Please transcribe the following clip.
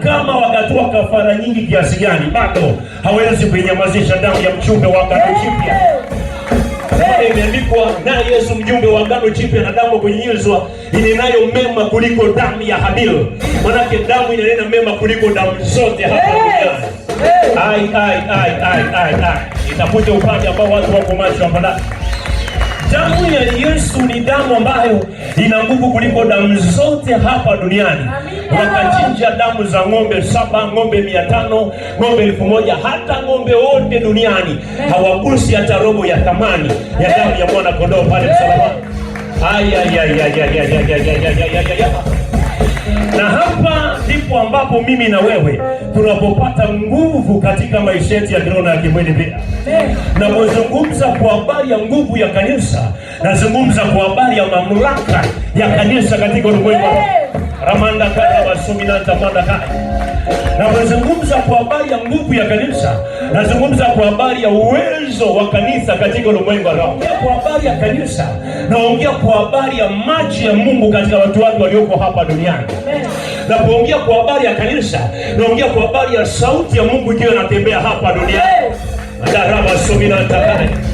kama wakatoa kafara nyingi kiasi gani, bado hawezi kuinyamazisha damu ya mchumbe wa agano jipya. Imeandikwa na Yesu mjumbe wa agano jipya na damu kunyunyizwa inenayo mema kuliko damu ya habil Manake damu inanena mema kuliko damu zote hapa duniani. Ai, ai, ai, ai, ai, ai. Itakuja upande ambao watu wako macho hapa Damu ya Yesu ni damu ambayo ina nguvu kuliko damu zote hapa duniani. Wakachinja damu za ng'ombe saba, ng'ombe mia tano, ng'ombe elfu moja, hata ng'ombe wote duniani hawagusi hata robo ya thamani ya damu ya mwana kondoo pale msalabani ambapo mimi na wewe tunapopata nguvu katika maisha yetu ya kiroho na kimwili pia. Napozungumza kwa habari ya nguvu ya kanisa, nazungumza kwa habari ya mamlaka ya kanisa katika ulimwengu ramanda kaya wasuminantamanda kaya Napozungumza kwa habari ya nguvu ya kanisa, nazungumza kwa habari ya uwezo wa kanisa katika ulimwengu wa roho. Kwa habari ya kanisa, naongea kwa habari ya maji ya Mungu katika watu wake walioko hapa duniani. Napoongea kwa habari ya kanisa, naongea kwa habari ya sauti ya Mungu ikiwa inatembea hapa duniani. Hey!